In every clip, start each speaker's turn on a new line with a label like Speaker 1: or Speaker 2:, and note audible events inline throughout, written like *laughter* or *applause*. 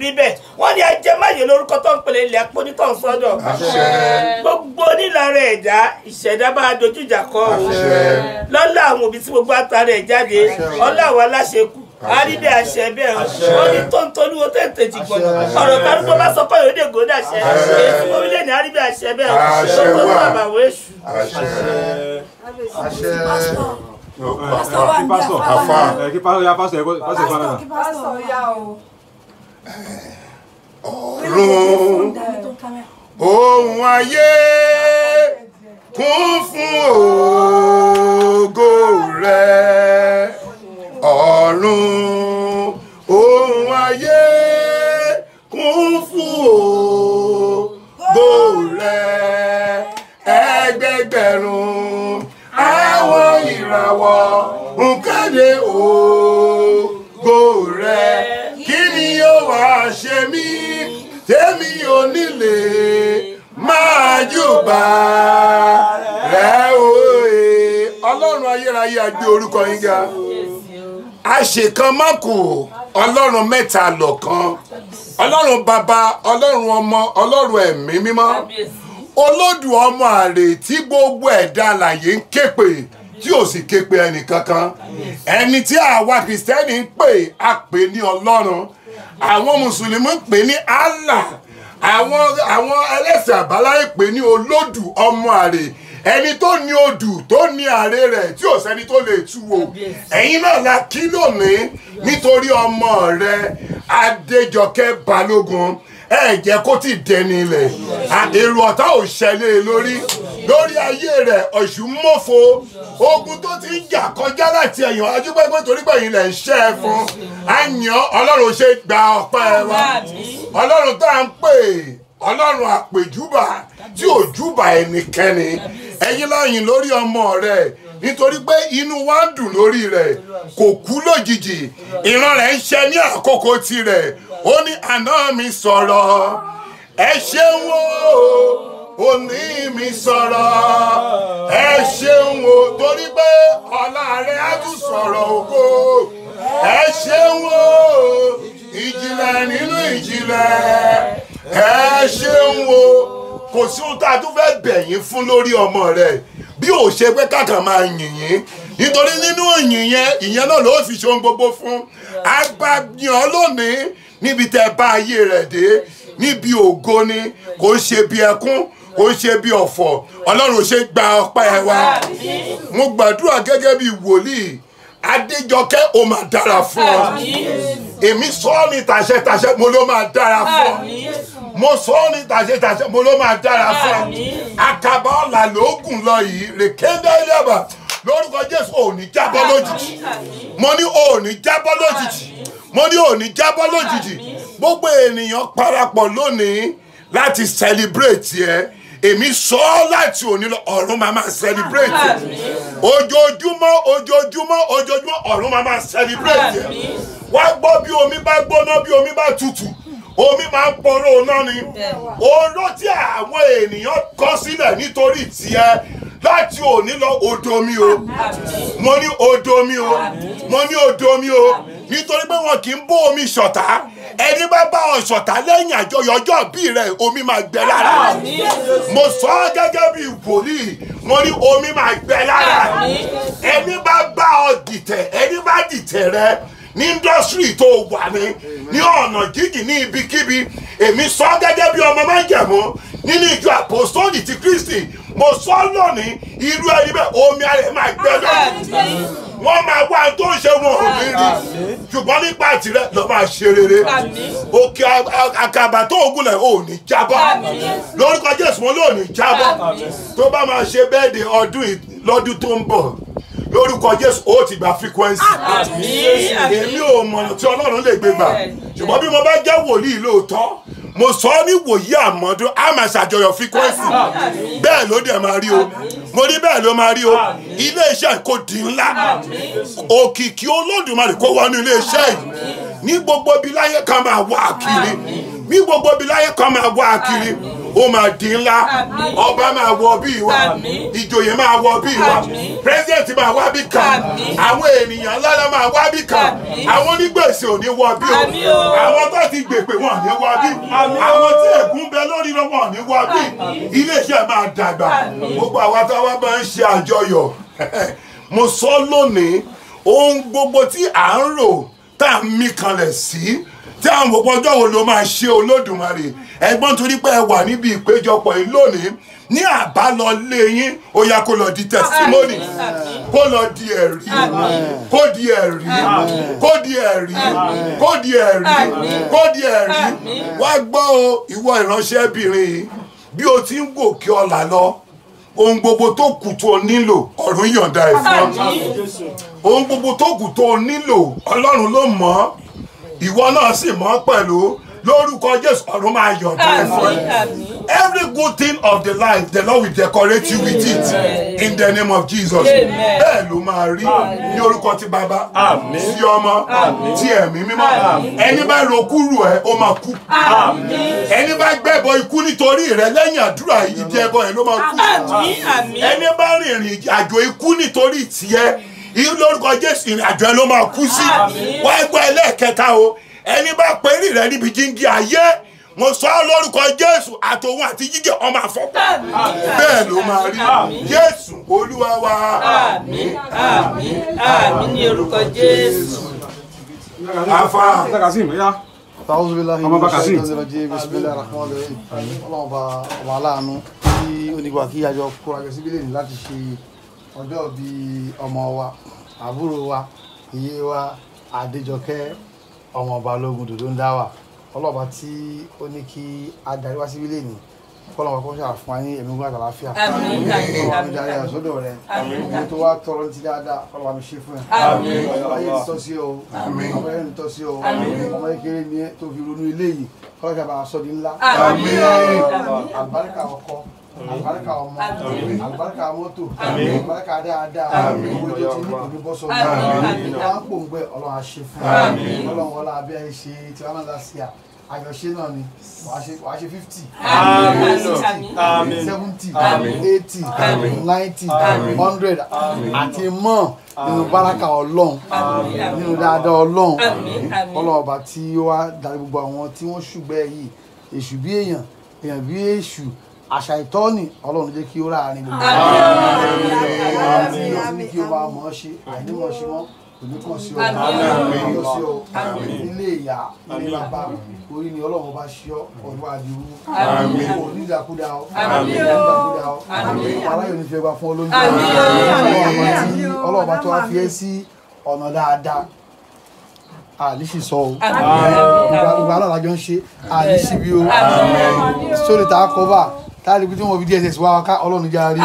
Speaker 1: rí bẹ́ẹ̀ wọ́n ní ajẹ́ máyè lórúkọ tó ń pèlè ilẹ̀ pọ́njú tó ń sọ́dọ̀ gbogbo nílára ẹ̀dá ìṣẹ̀dá bá dojú ìjà kọ́ o lọ́lá àwọn òbí tí gbogbo àtàrà ẹ̀ jáde ọlá àwọn aláṣẹ kù àrídẹ àṣẹ bẹ́ẹ̀ wọ́n ní tóńtóníwó tètè ti gbọ́dọ̀ ọ̀rọ̀ tárúgbó bá sọ pé òde gòdè àṣẹ èyí tí ní àrídẹ àṣẹ bẹ́ẹ̀ tó tó sábà wọ èṣù
Speaker 2: ọ̀run ohun ayé kún fún àṣekàn má kù ọlọ́run mẹ́ta lọ́kan ọlọ́run bàbá ọlọ́run ọmọ ọlọ́run ẹ̀mí mímọ́ olódù ọmọ àrè tí gbogbo ẹ̀dá alàyè ń képe tí ò sì képe ẹnì kankan ẹni tí àwa kìrìsìtẹ́nì ń pè á pè ní ọlọ́run àwọn mùsùlùmí ń pè ní Allah àwọn àwọn ẹlẹ́sìn àbáláyé pè ní olódù ọmọ àrè ẹni tó ní odù tó ní ààrẹ rẹ̀ tí ò sẹ́ni tó lè tú wò ẹ̀yin náà la kí lónìí nítorí ọmọ rẹ̀ Adéjọkẹ́ Balógun ẹ jẹ́ kó ti dẹni ilẹ̀ èrò ọ̀tá ò ṣẹlẹ̀ lórí lórí ayé rẹ̀ ọ̀ṣun mọ́fo ogun tó ti ń jà kọjá láti ẹ̀yìn ajúgbẹ́gbẹ́ torí pẹ̀yìn lẹ̀ ń ṣẹ́ ẹ fún àyàn ọlọ́run ṣe gba ọpẹ́ wa ọlọ́run tá à ń pè é ọlọ́run àpèjúbà tí ò júbà ẹnikẹ́ni ẹ̀yin láyìn lórí ọmọ rẹ nítorí pé inú wa ń dùn lórí rẹ kò kú lójijì ìran rẹ ń ṣe ní àkókò tirẹ̀ ó ní àná mi sọ̀rọ̀ ẹ ṣeun o òní mi sọ̀rọ̀ ẹ ṣeun o torí pé ọ̀la rẹ á tún sọ̀rọ̀ ògo ẹ ṣeun o ìjìnlẹ̀ nínú ìjìnlẹ̀ ẹ ṣeun o kò sí ohun tá a tún fẹ́ bẹ̀ yín fún lórí ọmọ rẹ bí ò ṣe pé kàkà máa yìn yín nítorí nínú ìyìn yẹn ìyẹn náà ló fi ṣohun gbogbo fún agbáyàn lónìí níbi tẹ bá ayé rẹ dé níbi ògo ni kò ń ṣe bí ẹkún kò ń ṣe bí ọ̀fọ̀ ọlọ́run ṣe gba ọpẹ́ wa mo gbàdúrà gẹ́gẹ́ bí wòlíì adéjọkẹ́ ó máa dára fún ọ èmi sọ́ọ́ mi tàṣẹ tàṣẹ mo ló máa dára fún ọ mo sọ ọ́ ní tàṣetàṣe mo ló máa dára fún ọ àkàbà ọ̀là lóògùn lọ yìí rèkéńdé yàbà lórúkọ jésù ò ní jábọ́ lójijì mo ní ò ní jábọ́ lójijì mo ní ò ní jábọ́ lójijì gbogbo ènìyàn parapọ̀ lónìí láti celebrate yẹn. Yeah èmi sọ ọ́ láti òní lọ ọ̀run máa máa celebrate ojoojúmọ́ ojoojúmọ́ ojoojúmọ́ ọ̀run máa máa celebrate wá gbọ́ bí omi bá gbóná bí omi bá tutù omi máa ń poró iná ni oró tí àwọn ènìyàn kọ sílẹ̀ nítorí tiẹ̀ láti òní lọ odò mi o mo ní odò mi o mo ní odò mi o nítorí pé wọn kì í bó omi ṣọ̀tá ẹni bá bá ọ ṣọ̀tá lẹ́yìn àjọyọ̀ ọjọ́ bí rẹ omi máa gbẹ lára mo sọ ọ́ gẹ́gẹ́ bí wòlíì mo ní omi máa gbẹ lára ẹni bá bá ọ dìtẹ̀ ẹni bá dìtẹ̀ rẹ ní indọ́sírì tó wà ní ní ọ̀nà jíjìn ní ibikíbi èmi sọ gẹ́gẹ́ bí ọmọ májẹ̀mú nínú ìjọ àpòstóòlì ti Kristi mo sọ lónìí irú ẹni bẹ́ẹ̀ omi ara ẹ̀ máa gbẹ lọ́nìí wọ́n máa wá tó ń ṣe wọn ò ní rí ṣùgbọ́n nípa tirẹ̀ lọ́ máa ṣe rere òkè àkàbà tó gúnlẹ̀ ò ní jábọ́ lórúkọ Jésù wọn ló ní jábọ́ tó bá máa ṣe bẹ́ẹ̀dẹ̀ ọdún lọ́dún tó ń bọ̀ lórúkọ jésù ó ti gba frequency èmi ò mọ̀nà tí ọlọ́run lè gbé gbà ṣùgbọ́n bí mo bá jẹ́ wòlíì lóòótọ́ mo sọ ọ́ ní wòyí àmọ́dún á máa ṣàjọyọ̀ frequency bẹ́ẹ̀ ló dẹ̀ máa rí o mo ní bẹ́ẹ̀ ló máa rí o ilé iṣẹ́ kò di ńlá òkìkí olódùmarè kó wọnú ilé iṣẹ́ yìí ní gbogbo ibi láyé kan máa wá kiri bí gbogbo ibi láyé kan máa wá kiri ó máa di ńlá ọba máa wọ bí wa ìjòyè máa wọ bí wa president máa wá bí kan àwọn ènìyàn ńlá ńlá máa wá bí kan àwọn onígbèsè ò ní wọ bí o àwọn tó ti gbèpè wọn ò ní wọ bí àwọn tí ègún bẹ lórí wọn ò ní wọ bí iléeṣẹ́ máa dàgbà gbogbo àwa táwa máa ń ṣe àjọyọ̀ *laughs* mo sọ lónìí ohun gbogbo tí à ń rò tá à mí kanlẹ̀ sí. Si tí àwọn òpó ọjọ́ wo ló máa ṣe olódùmarè ẹ̀gbọ́n torí pé ẹ wà níbi ìpéjọpọ̀ yìí lónìí ní àbálọlé yín ó yá kó lọ di testimony kó lọ di ẹ̀rí kó di ẹ̀rí kó di ẹ̀rí kó di ẹ̀rí kó di ẹ̀rí wá gbọ́ o ìwọ ìránṣẹ́bìnrin yìí bí o ti ń gòkè ọ̀la lọ ohun gbogbo tó kù tó nílò ọ̀run yọ̀ǹda ẹ̀ ohun gbogbo tó kù tó nílò ọlọ́run ló mọ̀ ọ́ ìwọ náà sì mọ́ pẹ̀lú lórúkọ jésù ọ̀run máa yọ̀ bẹ́ẹ̀ fún every good thing of the life the lord will decorate you with it in the name of jesus. bẹ́ẹ̀ ló máa rí ní orúkọ ti bàbá ti ọmọ ti ẹ̀mí mímọ́ ẹni bá rokúrú ẹ ó máa kú ẹni bá gbẹ́bọ ikú nítorí rẹ lẹ́yìn àdúrà ìdí ẹbọ ẹ ló máa kú ẹni bá rìnrìn àjò ikú nítorí tiẹ̀ lórúkọ jésù ìrìn àjò ẹ ló máa kú sí wá gbọ́ ẹlẹ́ẹ̀kẹta o ẹni bá pè ní rẹ níbi jíǹgì ayé mo sọ ọ́ lórúkọ jésù àtòun àti jíjẹ ọmọ àfọ́pọ̀ bẹ́ẹ̀ ló máa rí jésù olúwa wa. àmín àmín àmín ní orúkọ jésù.
Speaker 3: afa. Tàwùsù bíi láhìn ọmọ ṣẹ́yìn tó ń lọ jẹ́ bisimilá rahman rahim. Ọlọ́run bá wàhálà àánú tí onígbà kí àjọ kóra jọ síbílẹ̀ ní láti ṣe ọjọ́ bí ọmọ wa àbúrò wa iye wa Adéjọkẹ́ ọmọ Balógun dòdó ń dá wà ọlọ́ba tí ó ní kí adarí wá síbí lẹ́yìn kọlọmọ kọ ṣe àfún ayé ẹmí gbọdọ àlàáfíà àmín àmín àmín sọdọ rẹ àmín tó wá tọrọ ti dáadáa kọlọmọ àmì ṣe fún ẹ àmín ọmọye ń tọ́ sí ọ àmín ọmọye ń tọ́ sí ọ ọmọye kéré ni tó fi ronú ilé yìí kọlọmọ ṣe àbá sọ di ńlá àmín àbáríkà ọkọ àlùbáríkà ọmọ àlùbáríkà mọ́tò àlùbáríkà dáadáa owó tó ti ní ìlú bọ́sọ̀ ní wọn pò ń gbẹ ọlọ́run àṣẹ fún un ọlọ́run wọlé abẹ́ ṣe tí wọn náà ṣe à àjọṣe náà ni wàá ṣe fifty seventy eighty ninety hundred àti mọ́ nínú báràkà ọlọ́run nínú dáadáa ọlọ́run ọlọ́run ọba tí ó wá darí gbogbo àwọn tí wọ́n ṣùgbẹ́ yìí èṣù bí èèyàn èèyàn bí èṣù àṣà ìtọ́ni ọlọ́run jẹ́ kí ó ráàrin gbogbo àwọn kí ó bá mọ̀ ṣe àìnímọ̀ ṣe wọ́n òní kan sí ọ òní sí ọ ilé ìyá ilé bàbá orí ni ọlọ́run bá ṣe ọ ọdún àdìrú òní ìdàkúdà ọ òní ìdàkúdà ọ aláyọ̀ ní fẹ́ẹ́ bá fún olóńgbò ọlọ́run bá tó wá fi ẹ́ sí ọ̀nà dáadáa àlìsí sọ o gbogbo àlọ́ làjọ ń ṣe àlìsí bí o sórí ta kọ́ bá táàlì bí tí wọn fi dss wá ká ọlọ́run jẹ́ àárí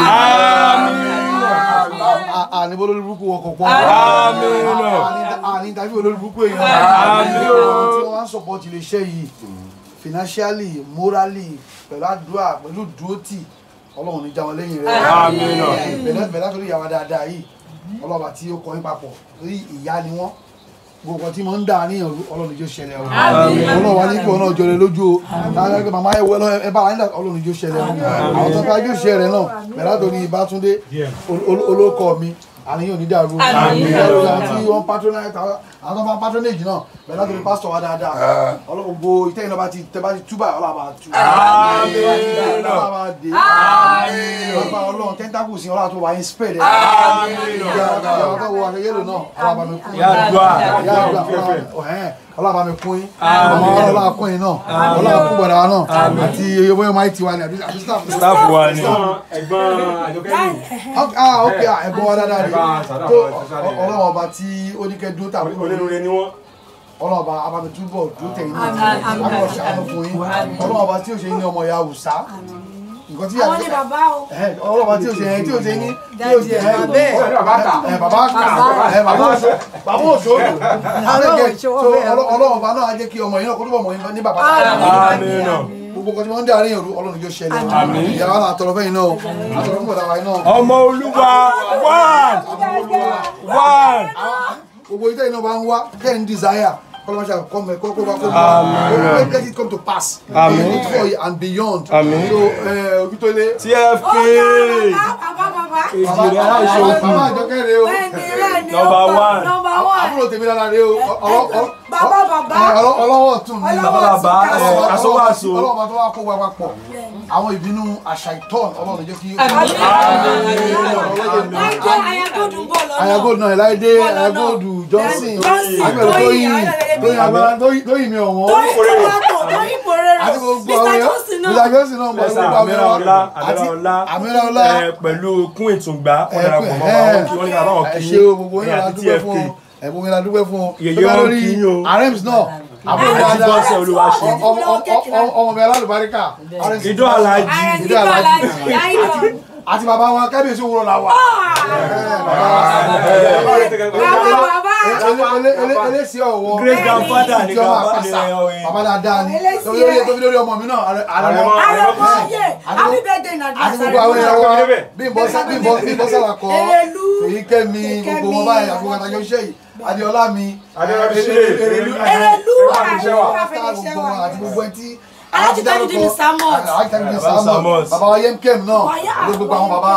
Speaker 3: àníbó lórí burúkú ọkọ̀ pọ̀ àní tàbí olórí burúkú èèyàn tí wọ́n support ilé yìí financially morally pẹ̀lú àdúrà pẹ̀lú dúrótì ọlọ́run ní jáwọn lẹ́yìn rẹ̀ bẹ̀rẹ̀ bẹ̀rẹ̀ látọ̀rí ìyàwó dáadáa yìí ọlọ́ba tí ó kọ́ yín papọ̀ torí ìyá ni wọ́n gbogbo tí mo ń dà níyàn ọlọ́run ìjọ ṣẹlẹ̀ o ọlọ́run wa ní kí ọlọ́run jọlẹ̀ lójú o lágbàgbé màmá ẹ̀wọ́ ẹ bá wa nílẹ̀ ọlọ́run ìjọ ṣẹlẹ̀ o àwọn tó bá yóò ṣẹlẹ̀ náà bẹ̀rẹ̀ àtọ́ ní Ìbátúndé olóko mi àníyàn ò ní dàrú àti wọn patronage àwọn tó bá patronage náà bẹ́ẹ̀ láti fi pásítọ̀ wa dáadáa ọlọ́pàá gbogbo ìtẹ́yìn náà bá ti tẹ́ bá ti túbà ọlọ́pàá tú. ọlọ́pàá ọlọ́run tẹ́ńtákù sí ọlọ́pàá tó wà ní spẹ́ẹ̀d ẹ̀. ìyá àgbà ọlọ́pàá wo akẹ́kẹ́ lò náà ọlọ́pàá mi kú. ìyá àgbà ọlọ́pàá
Speaker 2: ọlọ́ba mi kún yín ọmọ ọlọ́ba
Speaker 3: kún yín náà ọlọ́ba kún bọ̀dà wa náà àti oyè máa ti wa ni àbí staff staff wa ni. ẹ̀gbọ́n àjọkẹ́yìn. ah ok ah, ẹ̀gbọ́n wa dáadáa ni tó ọlọ́wọ́ ọba tí ó ní kẹ́ dúró tàbí olóore ni wọ́n ọlọ́ọ̀ba abamitunbọ̀ dúró tẹ̀yìn náà ọlọ́ọ̀ṣà ọmọkùnrin ọlọ́ọ̀ba tí ó ṣe ní ọmọ ìyá àwùsá nǹkan tí àwọn ní bàbá o ọlọ́pàá tí o ṣe ẹ tí o ṣe ní tí o ṣe ẹ bàbá kà ẹ bàbá kà ẹ bàbá òṣò bàbá òṣò àrẹ́gẹ̀ tó ọlọ́pàá náà á jẹ́ kí ọmọ yìí náà kó tó bọ̀ mọ́ ní bàbá gbogbo kan tí wọ́n ń darí ẹ̀rú ọlọ́run yóò ṣẹlẹ̀ ìyàrá náà àtọ̀rọ̀ fẹ́yìn náà àtọ̀rọ̀ fún bàbá yìí náà. ọmọ olúwa one one. gbogbo ìtẹ́yìn náà bá ń wá ten desire Kọ́lọ́mọ ṣe come, mọ̀ come, kó bá kó mọ̀ ẹ̀ let it come to pass. Amen. In it for you and beyond. Amen. So Ògútólé. TFK. Èjì rẹ̀
Speaker 1: aláìṣòwò. Bàbá àjọkẹ́
Speaker 3: rẹ̀ o. Number one. Àbúrò tèmi lára rẹ̀ o. Eh, eh, bàbá bàbá ọlọ́wọ́ tún mi bàbá ọlọ́wọ́ tó wá kó wa papọ̀ àwọn ìbínú àṣà ìtọ́n ọlọ́run jẹ́ kí. ayagodu náà láìdé ayagodu johnson agbẹ̀rù tó yí tó yí mi ọ̀wọ́n. mr johnson náà mọ̀ sí gbogbo àwọn àti amira
Speaker 4: ọlá pẹ̀lú kún ìtùngbà ọ̀dàrà pọ̀ àwọn kí wọ́n ní àbáwọ̀
Speaker 3: àti tfk ẹ̀bùn mi la dúpẹ́ fún o yèyé wọn kì í yín o arems náà àbúrò wa dá ọmọ mi alálùbáríkà ìjọ alájí ìjọ alájí àti bàbá wa kábíyèsí òwúrọ̀ la wa. eléṣẹ́ ọ̀wọ́ great grandfather ni bàbá dáadáa ni tóbi lórí tóbi ọmọ mi náà àrẹ̀mọ́ àti gbogbo àwọn èèyàn wa bí sábà kọ́ èyí kẹ́mi gbogbo wọn báyìí àfọwọ́tajà iṣẹ́ yìí adéọlá mi èrèlú èrèlú àfẹnìṣẹwà àti gbogbo ẹtí
Speaker 2: aláti dájú ní samuel aláti dájú ní samuel baba wa
Speaker 3: yemkem náà ló gbogbo àwọn baba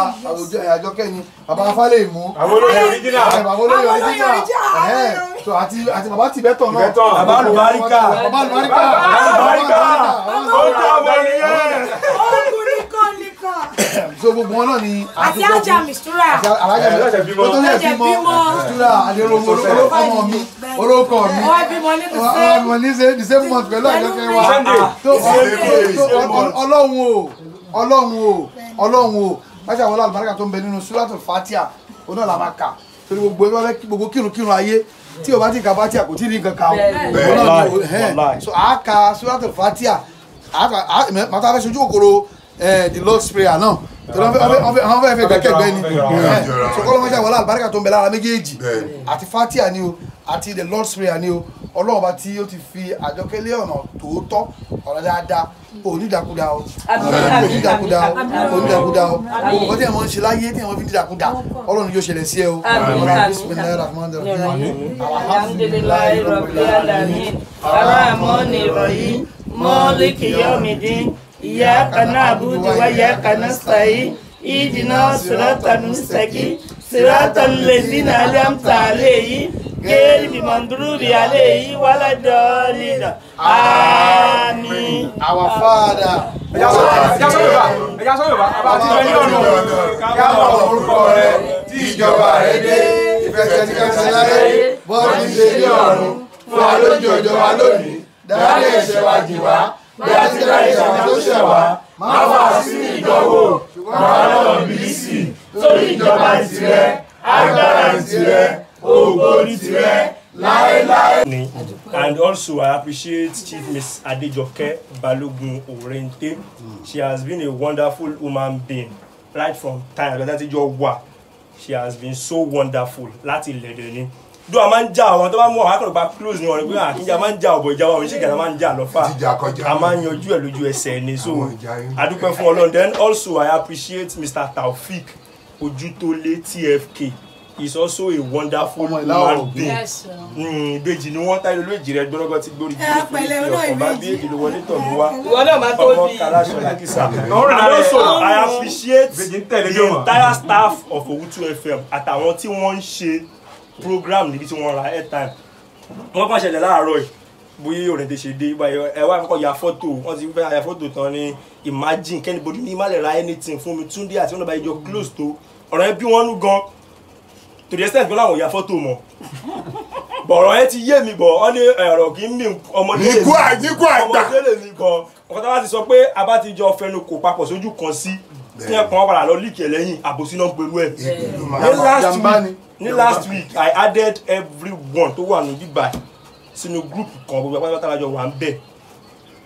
Speaker 3: àjọkẹ́ ni baba afálẹ́mú àwọn olóyè original àwọn olóyè original so àti àti baba tibetọ náà baba alubarika baba alubarika baba alubarika ó tọ́ ọmọ nìyẹn. *coughs* so gbogbo wọn náà ni. àti ajá mistura. àti alájà bímọ alájà bímọ mistura àdérò olókọ mi olókọ mi ọmọ ní the same month pẹ̀lú àjọkẹ́ wa ah, tó ọlọ́run o ọlọ́run o ọlọ́run o láti àwọn olùbáríkà tó ń bẹ nínú suratul fatia òun náà la máa kà torí gbogbo ẹgbẹ́ fẹ́ gbogbo kírunkírun ayé tí o bá ti ka fatia kò tí ì rí nǹkan kan o so àá ka suratul fatia àá ka màtá fẹ́ sojú kòkòrò. Eh, the Lord's prayer náà tọ́lá eh, àwọn fẹ́ẹ́ fẹ́ gbẹ́kẹ̀gbẹ́ ni sọkọ́ lọ́mọdé àwọn alábàárẹ́kà tó ń bẹ lára méjèèjì àti fatia ni o àti the Lord's prayer ni o ọlọ́ọ̀ba tí ó ti fi àjọkẹ́lẹ́ ọ̀nà tòótọ́ ọ̀nà dáadáa onídàkúdà o onídàkúdà o onídàkúdà o ọkọ tí àwọn ń ṣe láyé tí àwọn fi dídàkúdà ọlọ́run yóò ṣẹlẹ̀ sí ẹ o ọlọ́run bisimilayi rahman rahim alhamdulilayi rabbil alamin arahmani rahim
Speaker 1: mọ́ọ́lì kìyọ́mìdín. إياك نعبد وإياك نستعين إهدنا صراط المستقيم صراط الذين أنعمت عليهم غير المغضوب عليهم ولا الضالين آمين
Speaker 3: Our Father ẹ̀yà sọ Yorùbá ẹ̀yà sọ Yorùbá àbá àti ìfẹ́ ní ọ̀nà ká mọ̀
Speaker 2: orúkọ rẹ tí ìjọba
Speaker 3: rẹ dé ìfẹsẹ̀tìkẹsẹ̀ láyé
Speaker 2: bọ́ọ̀lù ṣe ní ọ̀run fún wa lójú ọjọ́ wa lónìí dárí ẹ̀ṣẹ̀ wa jì wá bí a ti dá ìjàmbá tó ṣẹ̀ wá máa fà sí ìdánwò ṣùgbọ́n bíìsì sórí ìjọba ìtìrẹ agbára ìtìrẹ ògo ìtìrẹ láéláé.
Speaker 4: and also I appreciate Chief Miss Adejoke Balogun Orente she has been a wonderful woman being right from time that tí jọ wà she has been so wonderful Lati lede ni do a máa ń já àwọn tó bá mú àwọn akọ̀rọ̀ gba close ní ọ̀rẹ́ pé àkíjà ah, máa ń já ọ̀bọ̀ ìjà wa òun ṣèkà máa ń já lọ́fà a máa ń yanjú ẹ̀ lójú ẹsẹ̀ ni so adúpẹ́ fún Ọlọ́run then also I appreciate Mr. Taofik Ojútólé TFK is also a wonderful man being hmm, ìbejì ni wọ́n táyé olóòjì rẹ gbọ́dọ̀gbọ́ ti gbórí bí ọkọ̀ bá bí èdè ló wọlé tọ̀ mí wá ọmọ kalaṣọ lákìsà and also I appreciate the entire staff of Owutu FM àtàwọn tí wọ́n ń ṣe program níbi tí wọ́n ra airtime wọ́n kàn ṣẹlẹ̀ láàárọ̀ yìí bóyá ọ̀rẹ́ ti ṣe dé ẹ wá kọ́kọ́ ya fọ́tò wọ́n ti fẹ́ ya fọ́tò tán ní imagine kẹ́nìbọ̀dì ní má lè ra anything fún mi túndé àti ọ̀nà ìjọ close tó ọ̀rọ̀ yẹn bí wọ́n nú gan to the extent pé láwọn ò ya fọ́tò mọ́ bọ̀rọ̀ yẹn ti yé mi bọ̀ ọ́ ní ẹ̀rọ kì í mì ọmọdé lè mi ọmọdé lè mi gan ọ̀kọ́tà bá ti sọ pé a bá ti jọ fẹnu kò papọ̀ sójú kan sí tí ẹ̀kan padà lọ líìkì ẹ̀ lẹ́yìn àbòsí náà pẹ̀lú ẹ̀ ní last week i added everyone tó wà ní bíbá sínú group kan gbogbo pátápátá lájọ wà ń bẹ̀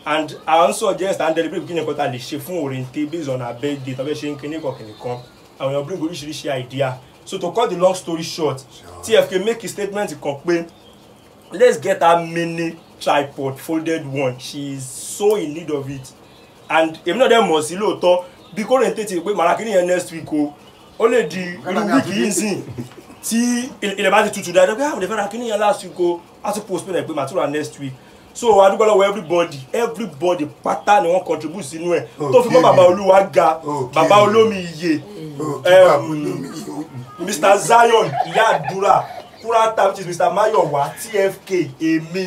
Speaker 4: and i also suggest and deliberate kí ni nǹkan ta lè ṣe fún Orente based on her birthday tàbí ṣe ń kíní kọ̀kìnì kan àwọn èèyàn bring oríṣiríṣi idea so to cut the long story short tfk make a statement kan pé let's get her mini tripod folded one she is so in need of it and èmi náà dẹ̀ mọ̀ sí lóòótọ́ bí kò rẹ̀ ń tètè pé màrà kí nìyẹn next week o ó lè di irú wíìkì yìí sìn tí ilẹ̀ bá ti tutù dáadáa pé àwọn ah, ìdẹ̀fẹ́ ra kíní yẹn lásìkò á ti postpone ẹ̀ pé màtúrà next week so adúgbò lọ́wọ́ everybody everybody pátá ni wọ́n contribute sínú ẹ̀ tó fi mọ́ bàbá olúwa ga bàbá olómi iye mr zion ìyá àdúrà kúrátà which is mr mayowa tfk èmi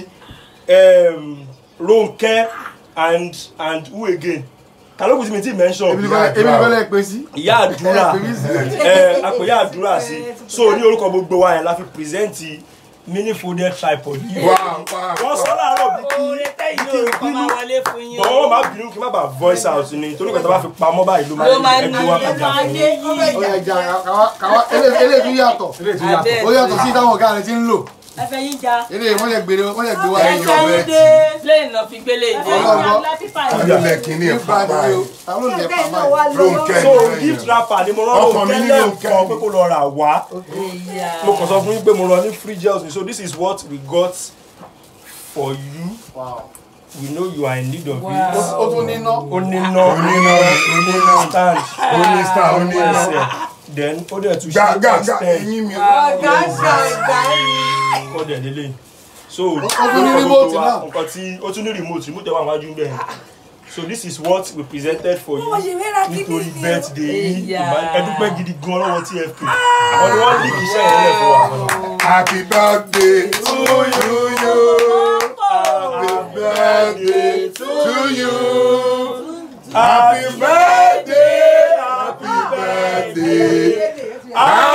Speaker 4: um, ronke and and who again kaloku ti mi ti mention. ebi ni bọ́lá ẹ pé sí. ìyá àdúrà ẹ eh, ìyá àdúrà sí so ní orúkọ gbogbo wa yẹn la fi pírẹsẹ̀ntì mini folded tripod yìí wọ́n sọ láàárọ̀
Speaker 1: bí kí bínú
Speaker 4: bọ́n máa bínú kí n má bàa voice out ni torí kẹta bá fi pamọ́ báyìí ló máa ń ẹgbẹ́ wa kájà
Speaker 1: fún
Speaker 3: un. eléyìí yàtọ̀ ó yàtọ̀ sí táwọn ọ̀gá rẹ ti ń lò ẹfẹ yín ja. ilé wọn lè gbére wọn lè gbé wa. ẹyọ bẹ́ẹ̀
Speaker 1: ti plane lọ fi gbélé ìdí.
Speaker 3: ọlọgbọ ìjọba kìíní ẹ pàpà yìí. àwọn olùdẹ pàpà yìí. ronke so gift wrapper
Speaker 4: ni mo rán ronke lẹ́ẹ̀kan pé kó lọ rà wá. mo kàn sọ fún yín pé mo rán ní free gels so this is what we got for you. Wow. We know you are in need of it. Ó tún níná. Ó níná. Ó níná. Ó níná. Stand. Ó ní stand. Ó ní ẹsẹ̀ then to ó dẹ̀ tún ṣe extend kọ́ dẹ̀ lélẹ̀ so nǹkan tí ó tún ní remote remote ẹ̀ wà wájú bẹ́ẹ̀ so this is what we presented for you nítorí birthday ẹdúpẹ́ gidi gan lọ́wọ́ tfp ọ̀nà wọn lè kí iṣẹ́ yẹn lẹ̀ wa. happy
Speaker 2: birthday to you yo happy birthday to you happy birthday. Ah.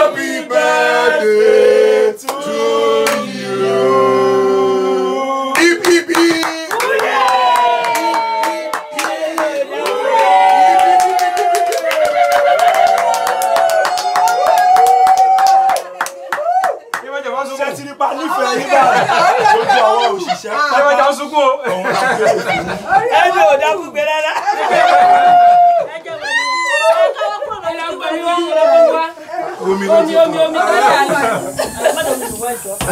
Speaker 2: omi ló ti kọ. omi omi ká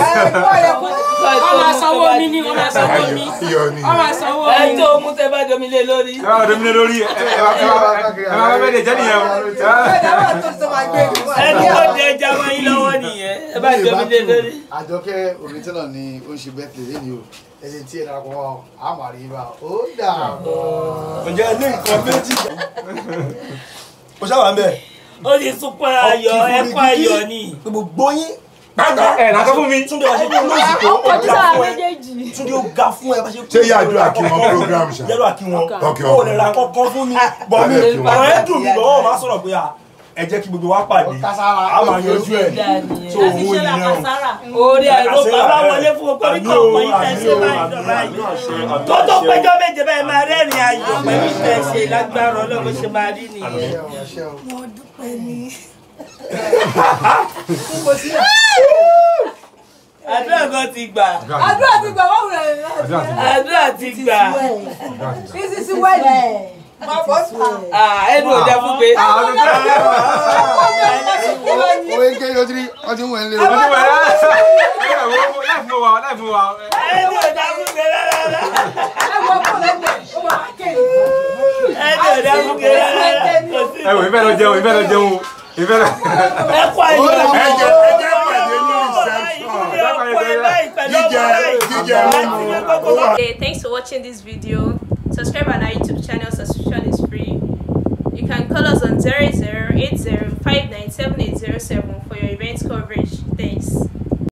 Speaker 2: yà lọ. ọmọ sanwó omi ni ọmọ sanwó omi ọmọ sanwó omi. ẹ tó
Speaker 1: mú tẹ bá domi lé lórí. ẹ bá domi lé lórí ẹ bá bá bẹ́ẹ̀ jẹ́ nìyẹn o. ẹni tó dé ẹja wáyé lọ́wọ́ nìyẹn
Speaker 3: ẹ bá domi lé lórí. àjọkẹ́ orin tẹ́lọ̀ ni ó ń ṣe bẹ́ẹ̀ tẹ̀lé ni o ẹni tí ẹ darapọ̀ mọ́ àmàlíbà ó dà bọ̀. ǹjẹ́ ilé nǹkan méjì. o ṣáà wà ń bẹ̀
Speaker 4: ó lè súnpọ̀
Speaker 3: ayọ̀ ẹ̀kọ́ ayọ̀
Speaker 4: ni. gbogbo yín
Speaker 3: gbàgbà ẹ̀ nàkọ́ fún
Speaker 1: mi. túnde wàá ṣe kí ló sì tó ó ga fún
Speaker 4: ẹ túnde ó ga fún ẹ bá ṣe kí ló sì tó. ṣé yàdú àkíwọn program ṣá. yàdú àkíwọn ó lè ra kọ́kọ́ fún mi bọ̀ mi ọ̀rọ̀ ẹ̀ dùn mí bọ̀ máa sọ̀rọ̀ pé à ẹ jẹ́ kí gbogbo wa pàdé a máa yọjú ẹ̀ tó owó ìyẹn o. Mm. orí ẹ̀rọ bàbá wọlé fún o kórìkò ọ̀pọ̀ ìfẹsẹ̀ báyìí dọ̀bá yìí tó tó péjọ
Speaker 1: méje báyìí máa rẹ́rìn ayọ̀ pẹ̀lú ìfẹsẹ̀ lágbára ọlọ́run ṣe máa rí nìyẹn. mo dúpẹ́ ní. Àdúrà kan ti gbà. Àdúrà ti gbà wọ́n wúlò rẹ̀. Àdúrà ti gbà.
Speaker 3: This is well.
Speaker 1: Ah, ẹnu ò jẹ́ fún pé
Speaker 3: ọdún wẹ̀ lé o. ọdún wẹ̀ lé o
Speaker 1: láì fún wa láì fún wa. ẹni fún mi rárá. ẹwọ kọ́ lẹ́gbẹ̀ẹ́ ó wà á kéde. ẹni ọ̀dà fún mi rárá.
Speaker 4: ẹwọ ìfẹ́ lọ jẹun ìfẹ́ lọ jẹun
Speaker 2: ìfẹ́ lọ. ẹ kọ́ ayé lọ. ẹ jẹ ẹ jẹ pàdé ní
Speaker 1: reception. jíjẹ jíjẹ mímu. Thanks for watching this video. Subscribe on our YouTube channel, subscription can call us on 0080 for your event coverage. Thanks.